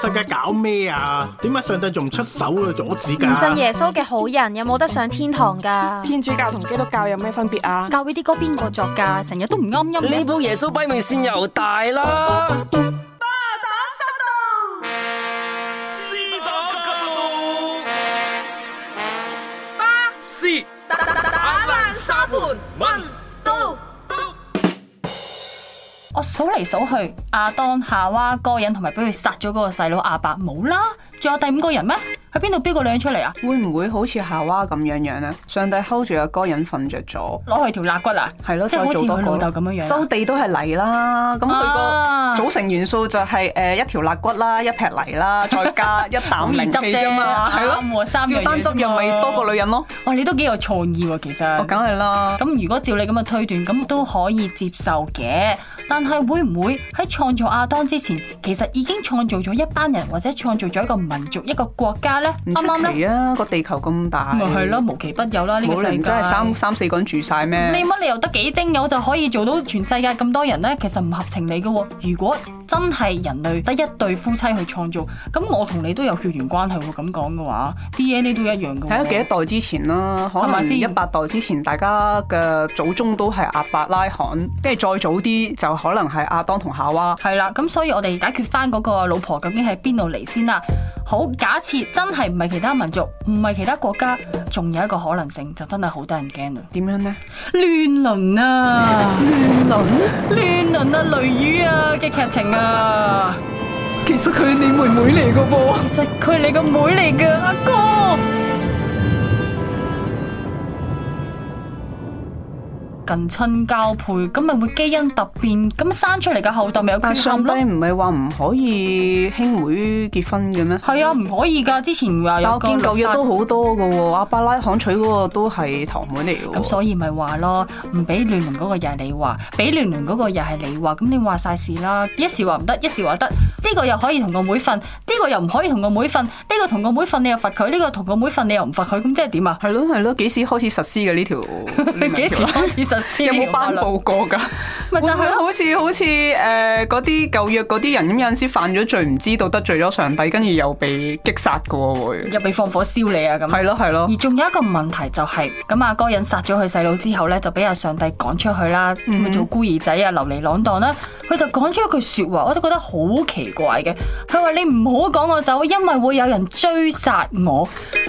世界搞咩啊？點解上帝仲唔出手去阻止㗎？唔信耶穌嘅好人有冇得上天堂㗎？天主教同基督教有咩分別啊？教會啲歌邊個作㗎？成日都唔啱音嘅。呢部耶穌擺明先又大啦！巴打沙到，斯打吉到，巴斯打打打打打爛沙盤問。我數嚟數去，阿當、夏娃個人同埋俾佢殺咗嗰個細佬亞伯冇啦，仲有第五個人咩？喺邊度標個女人出嚟啊？會唔會好似夏娃咁樣樣咧？上帝 hold 住阿哥人瞓着咗，攞去條肋骨啊？係咯了，即係好似佢老豆咁樣樣、啊。周地都係泥啦，咁佢個組成元素就係、是、誒、呃、一條肋骨啦，一劈泥啦，再加一啖靈氣啫嘛，係咯 了，三。照單執又咪多個女人咯？哦，你都幾有創意喎、啊！其實哦梗係啦。咁如果照你咁嘅推斷，咁都可以接受嘅。但係會唔會喺創造亞當之前，其實已經創造咗一班人，或者創造咗一個民族、一個國家？啱啱嚟啊！個地球咁大，咪係咯，無奇不有啦！呢個世界真係三三四個人住晒咩？你乜理由得幾丁嘢就可以做到全世界咁多人咧？其實唔合情理嘅喎。如果真係人類得一對夫妻去創造，咁我同你都有血緣關係喎，我咁講嘅話，啲嘢你都一樣嘅。睇咗幾多代之前啦，可能一百代之前，大家嘅祖宗都係阿伯拉罕，跟住再早啲就可能係亞當同夏娃。係啦，咁所以我哋解決翻嗰個老婆究竟喺邊度嚟先啦。好，假設真係唔係其他民族，唔係其他國家，仲有一個可能性，就真係好得人驚啦。點樣呢？亂倫啊！亂倫，亂倫啊！雷雨啊嘅劇情啊，其實佢係你妹妹嚟噶噃，其實佢係你個妹嚟噶，阿哥。近親交配咁咪會基因突變，咁生出嚟嘅後代咪有缺陷咯？但上帝唔係話唔可以兄妹結婚嘅咩？係啊，唔可以噶。之前話有見舊約法都好多噶，亞伯拉罕娶嗰個都係堂妹嚟噶。咁所以咪話咯，唔俾亂倫嗰個又係你話，俾亂倫嗰個又係你話。咁你話晒事啦，一時話唔得，一時話得，呢、這個又可以同個妹瞓，呢、這個又唔可以同個妹瞓，呢、這個同個妹瞓你又罰佢，呢、這個同個妹瞓你又唔罰佢，咁、這個、即係點啊？係咯係咯，幾時開始實施嘅呢條？幾 時開始實施？ 有冇頒布過噶？咪就係咯 這好似好似誒嗰啲舊約嗰啲人咁，有陣時犯咗罪唔知道得罪咗上帝，跟住又被擊殺過喎會， 又被放火燒你啊咁。係咯係咯。而仲有一個問題就係咁啊，哥人殺咗佢細佬之後咧，就俾阿上帝趕出去啦，咪做、嗯、孤兒仔啊流離浪蕩啦。佢就講咗一句說話，我都覺得好奇怪嘅。佢話你唔好講我走，因為會有人追殺我。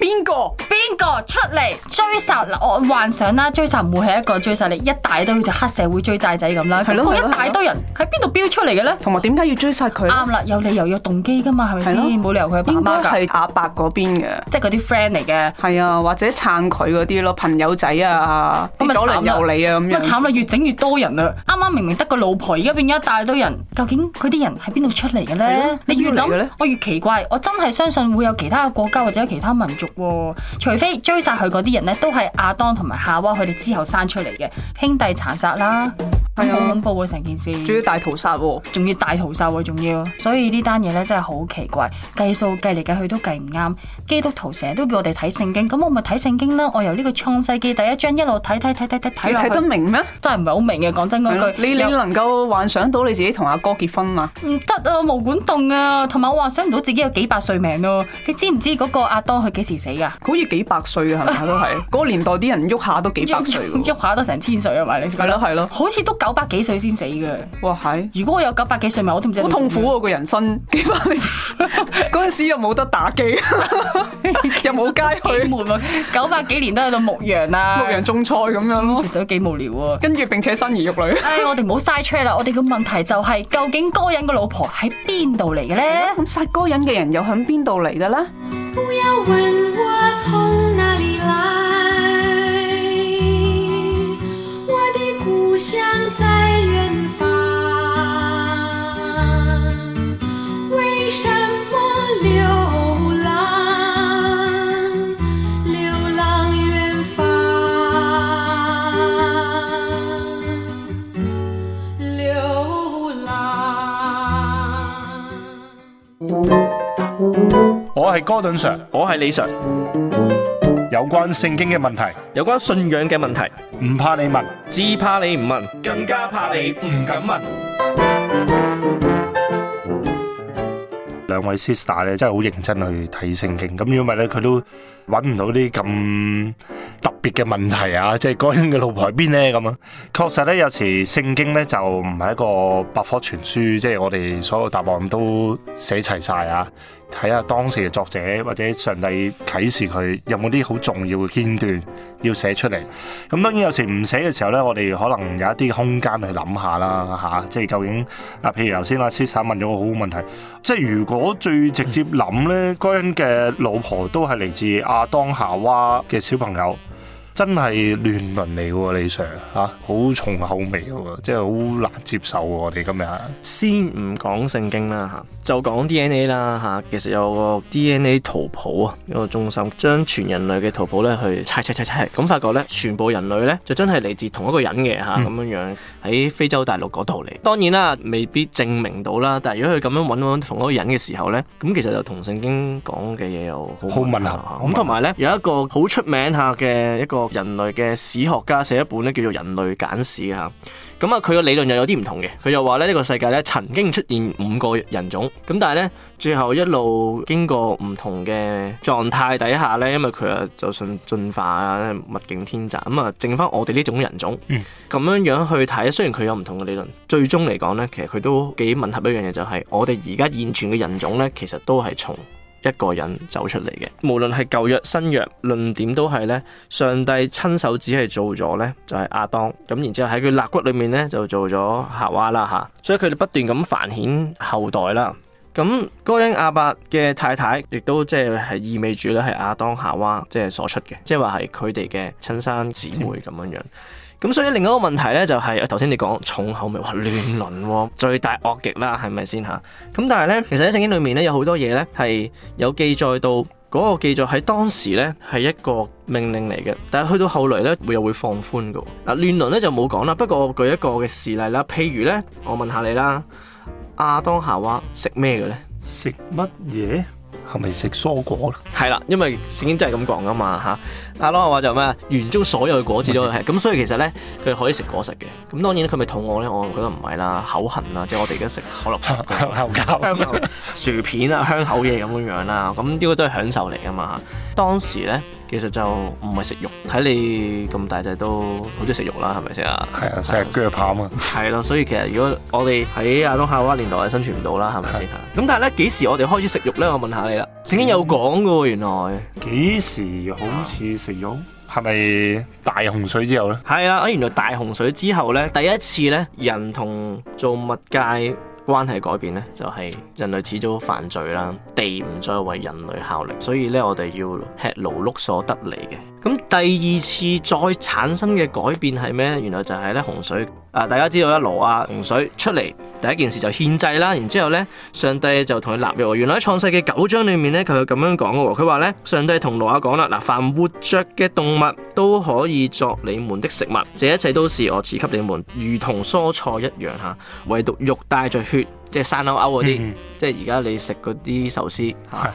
邊個誰？邊個？出嚟追殺？我幻想啦，追殺唔會係一個追殺。一大堆就黑社會追債仔咁啦，咁嗰的一大堆人喺邊度飈出嚟嘅咧？同埋點解要追殺佢？啱啦，有理由有動機噶嘛？係咪先？冇的理由佢阿爸，應該係阿伯嗰邊嘅，即係嗰啲 friend 嚟嘅。係啊，或者撐佢嗰啲咯，朋友仔啊，咁啊慘啊，越整越多人啊！啱啱明明得個老婆，而家變咗一大堆人，究竟佢啲人喺邊度出嚟嘅咧？的你越諗，我越奇怪。我真係相信會有其他國家或者有其他民族、啊，除非追殺佢嗰啲人咧，都係亞當同埋夏娃佢哋之後生出嚟嘅。兄弟殘殺啦，係啊，恐怖嘅成件事，仲要大屠殺喎，仲要大屠殺啊，仲要，所以呢單嘢咧真係好奇怪，計數計嚟計去都計唔啱。基督徒成日都叫我哋睇聖經，咁我咪睇聖經啦。我由呢個創世紀第一章一路睇睇睇睇睇睇，你睇得明咩？真係唔係好明嘅，講真嗰句。你你能夠幻想到你自己同阿哥結婚嘛？唔得啊，毛管棟啊，同埋我話想唔到自己有幾百歲命咯。你知唔知嗰個阿當佢幾時死噶？好似幾百歲啊，係咪都係？嗰個年代啲人喐下都幾百歲喐下都成千歲啊，埋你！係咯，係咯，好似都九百幾歲先死嘅。哇，係！如果我有九百幾歲，咪我都唔知。好痛苦哦、啊，個人生。幾百年嗰陣時又冇得打機，又冇街去，幾悶啊！九百幾年都喺度牧羊啊，牧羊種菜咁樣咯、嗯，其實都幾無聊。啊。跟住並且生兒育女。我哋唔好嘥 check 啦。我哋嘅問題就係、是，究竟歌人個老婆喺邊度嚟嘅咧？咁殺、 嗯、歌人嘅人又喺邊度嚟嘅咧？ 我係哥頓 Sir，我係李 Sir。有關聖經嘅問題，有關信仰嘅問題，唔怕你問，只怕你唔問，更加怕你唔敢問。兩位 sister 咧真係好認真去睇聖經，咁如果唔係咧，佢都揾唔到啲咁特別嘅問題啊！即係該隱嘅老婆喺邊？咧咁啊。確實咧，有時聖經咧就唔係一個百科全書，即係我哋所有答案都寫齊晒啊。睇下當時嘅作者或者上帝啟示佢有冇啲好重要嘅片段要寫出嚟。咁當然有時唔寫嘅時候呢，我哋可能有一啲空間去諗下啦嚇、啊。即係究竟啊，譬如頭先阿 Cesar 問咗個好問題，即係如果最直接諗呢，嗰人嘅老婆都係嚟自亞當夏娃嘅小朋友。真係亂倫嚟喎，李 Sir 嚇、啊，好重口味喎、啊，即係好難接受喎、啊。我哋今日先唔講聖經啦嚇、啊，就講 DNA 啦嚇、啊。其實有個 DNA 圖譜啊，一個中心將全人類嘅圖譜咧去砌砌砌砌，咁、啊、發覺咧全部人類咧就真係嚟自同一個人嘅嚇，咁、啊嗯、樣樣喺非洲大陸嗰度嚟。當然啦，未必證明到啦。但係如果佢咁樣揾到同一個人嘅時候咧，咁其實就同聖經講嘅嘢又好吻合。咁同埋咧有一個好出名嚇嘅一個。人類嘅史學家寫一本咧，叫做《人類簡史》吓，咁啊佢個理論又有啲唔同嘅，佢又話咧呢、呢個世界咧曾經出現五個人種，咁但係咧最後一路經過唔同嘅狀態底下咧，因為佢啊就算進化啊，物競天擇，咁啊剩翻我哋呢種人種，咁樣、嗯、樣去睇，雖然佢有唔同嘅理論，最終嚟講咧，其實佢都幾吻合一樣嘢、就是，就係我哋而家現存嘅人種咧，其實都係從。一個人走出嚟嘅，無論係舊約新約，論點都係呢：上帝親手只係做咗呢，就係、是、亞當，咁然之後喺佢肋骨裏面呢，就做咗夏娃啦吓，所以佢哋不斷咁繁衍後代啦。咁該隱亞伯嘅太太亦都即係係意味住咧係亞當夏娃即係、就是、所出嘅，即係話係佢哋嘅親生姊妹咁樣樣。咁所以另一個問題呢，就係我頭先你講重口味話亂倫喎、哦，最大惡極啦，係咪先吓，咁、啊、但係呢，其實喺聖經裏面呢，有好多嘢呢，係有記載到嗰個記載喺當時呢，係一個命令嚟嘅，但係去到後來呢，會又會放寬㗎。啊，亂倫呢，就冇講啦，不過我舉一個嘅事例啦，譬如呢，我問下你啦，亞當夏娃食咩嘅呢？食乜嘢？係咪食蔬果咧？係啦、嗯，因為聖經真係咁講噶嘛，吓，阿羅嘅話就咩啊？園中所有嘅果子都係，咁是所以其實咧，佢可以食果食嘅。咁當然佢咪肚餓咧，我唔覺得唔係啦，口痕啦、啊，即、就、係、是、我哋而家食可樂什、口牛、薯片啊、香口嘢，咁樣樣啦。咁呢個都係享受嚟，噶嘛當時咧。其實就唔係食肉，睇你咁大隻都好中意食肉啦，係咪先啊？係啊的，成日鋸扒啊嘛。係咯，所以其實如果我哋喺亞當夏娃年代生存唔到啦，係咪先？咁是的 但係咧，幾時我哋開始食肉咧？我問下你啦。曾經有講嘅原來幾時好似食肉？係咪大洪水之後咧？係啊，哎原來大洪水之後咧，第一次咧人同做物界。關係改變呢，就係、是、人類始終犯罪啦，地唔再為人類效力，所以呢，我哋要吃勞碌所得嚟嘅。咁第二次再產生嘅改變係咩咧？原來就係咧洪水啊！大家知道一羅亞洪水出嚟，第一件事就獻祭啦。然之後咧，上帝就同佢立約。原來喺創世記九章裏面咧，佢係咁樣講嘅喎。佢話咧，上帝同羅亞講啦：嗱，凡活着嘅動物都可以作你們的食物，這一切都是我賜給你們，如同蔬菜一樣嚇、啊。唯獨肉帶着血，即係生勾勾嗰啲，嗯嗯即係而家你食嗰啲壽司嚇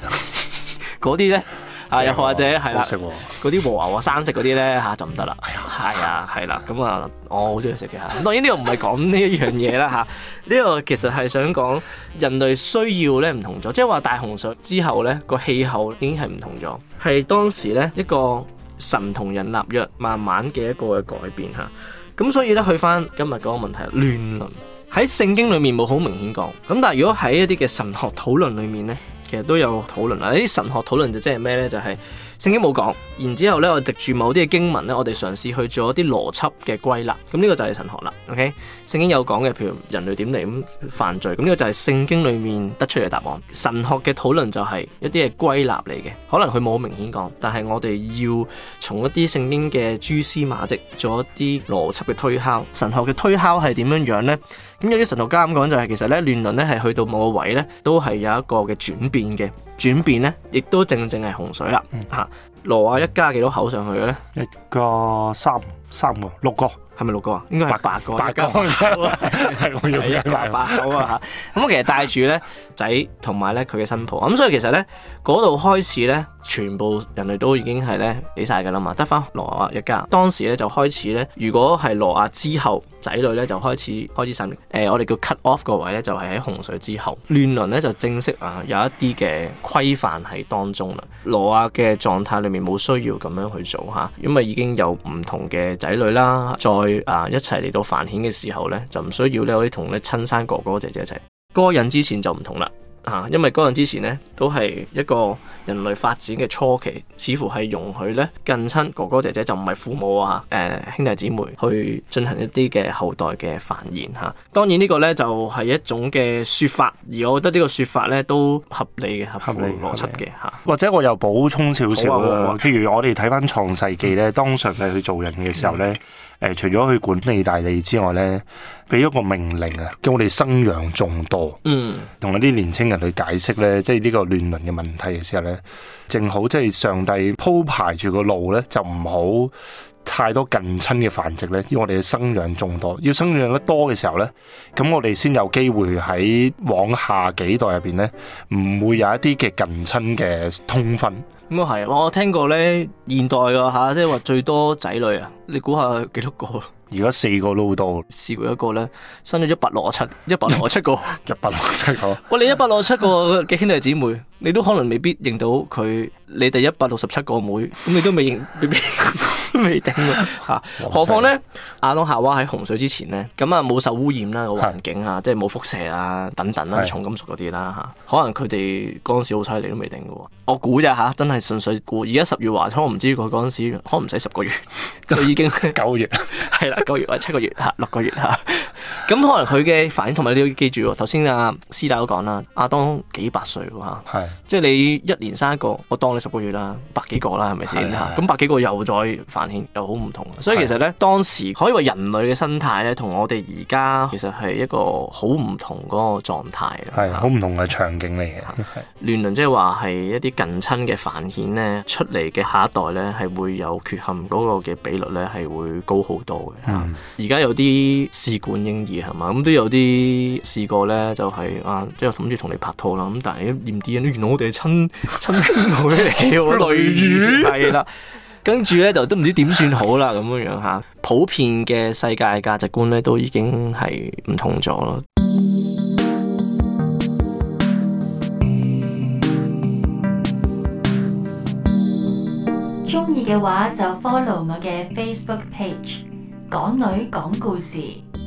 嗰啲咧。啊 啊，又或者係啦，嗰啲和牛啊 生食嗰啲咧嚇就唔得啦。係啊， 係啦，咁啊，我好中意食嘅嚇。當然呢個唔係講呢一樣嘢啦嚇，呢個、 啊、其實係想講人類需要咧唔同咗，即係話大洪水之後咧個氣候已經係唔同咗，係當時咧一個神同人立約慢慢嘅一個嘅改變嚇。咁、啊、所以咧去翻今日嗰個問題，亂倫喺聖經裡面冇好明顯講，咁但係如果喺一啲嘅神學討論裡面咧。其實都有討論啦，啲神學討論就即係咩呢？就係、是。聖經冇講，然之後咧，我藉住某啲嘅經文咧，我哋嘗試去做一啲邏輯嘅歸納。咁、這、呢個就係神學啦，OK？聖經有講嘅，譬如人類點嚟咁犯罪，咁、這、呢個就係聖經裡面得出嘅答案。神學嘅討論就係一啲嘅歸納嚟嘅，可能佢冇明顯講，但係我哋要從一啲聖經嘅蛛絲馬跡做一啲邏輯嘅推敲。神學嘅推敲係點樣樣呢？咁有啲神學家咁講就係、是、其實咧，亂倫咧係去到某個位咧，都係有一個嘅轉變嘅轉變咧，亦都正正係洪水啦，嚇、啊。啊羅亞，一家幾多口上去嘅咧？一個三三個六個。係咪六個啊？應該係八， 八個。八個啊，係我要睇下八個啊嚇。咁其實帶住咧仔同埋咧佢嘅新抱。咁所以其實咧嗰度開始咧，全部人類都已經係咧死晒嘅啦嘛，得翻羅亞一家。當時咧就開始咧，如果係羅亞之後仔女咧就開始開始生。誒、呃，我哋叫 cut off 個位咧，就係喺洪水之後亂倫咧就正式啊有一啲嘅規範喺當中啦。羅亞嘅狀態裡面冇需要咁樣去做嚇、啊，因為已經有唔同嘅仔女啦，再啊，一齊嚟到繁衍嘅時候咧，就唔需要咧，可以同咧親生哥哥姐姐一齊。過癮之前就唔同啦。吓，因為嗰陣之前咧，都係一個人類發展嘅初期，似乎係容許咧近親哥哥姐姐就唔係父母啊，誒、呃、兄弟姊妹去進行一啲嘅後代嘅繁衍吓，當然個呢個咧就係、是、一種嘅說法，而我覺得呢個說法咧都合理嘅，合、合乎邏輯嘅吓，或者我又補充少少、啊啊啊、譬如我哋睇翻《創世紀》咧，當上帝去做人嘅時候咧，誒、嗯、除咗去管理大地之外咧，俾一個命令啊，叫我哋生養眾多，嗯，同嗰啲年青人。去解釋咧，即係呢個亂倫嘅問題嘅時候咧，正好即係上帝鋪排住個路咧，就唔好太多近親嘅繁殖咧。要我哋嘅生養眾多，要生養得多嘅時候咧，咁我哋先有機會喺往下幾代入邊咧，唔會有一啲嘅近親嘅通婚。咁啊係，我聽過咧現代個吓，啊，即係話最多仔女啊，你估下幾多個？而家四個都好多，試過一個咧生咗一百六十七，一百六十七個，一百六十七個。喂，你一百六十七個嘅兄弟姊妹？你都可能未必認到佢，你哋一百六十七個妹，咁你都未認，未必未定啊！何況咧亞當夏娃喺洪水之前咧，咁啊冇受污染啦是個環境啊，即係冇輻射啊等等啦，是重金屬嗰啲啦嚇，可能佢哋嗰陣時好犀利都未定嘅喎。我估咋吓，真係純粹估。而家十月華我唔知佢嗰陣時可能唔使十個月，就已經九 月 個月，係啦，九月或七個月嚇，六個月嚇。咁 可能佢嘅繁衍，同埋你要記住，頭先阿師大都講啦，阿當幾百歲吓，是即係你一年生一個，我當你十個月啦，百幾個啦，係咪先？咁的百幾個又再繁衍，又好唔同。所以其實呢，是當時可以話人類嘅生態呢，同我哋而家其實係一個好唔同嗰個狀態。係，好唔同嘅場景嚟嘅。亂倫即係話係一啲近親嘅繁衍呢，出嚟嘅下一代呢，係會有缺陷嗰個嘅比率呢，係會高好多嘅。而家、嗯、有啲試管嬰兒係嘛，咁都、 嗯、有啲試過咧，就係、是、啊，即係諗住同你拍拖啦，咁但係驗啲人都原來我哋係親親女女嚟嘅，係啦， 跟住咧就都唔知點算好啦，咁樣樣吓，普遍嘅世界價值觀咧都已經係唔同咗咯。中意嘅話就 follow 我嘅 Facebook page，港女講故事。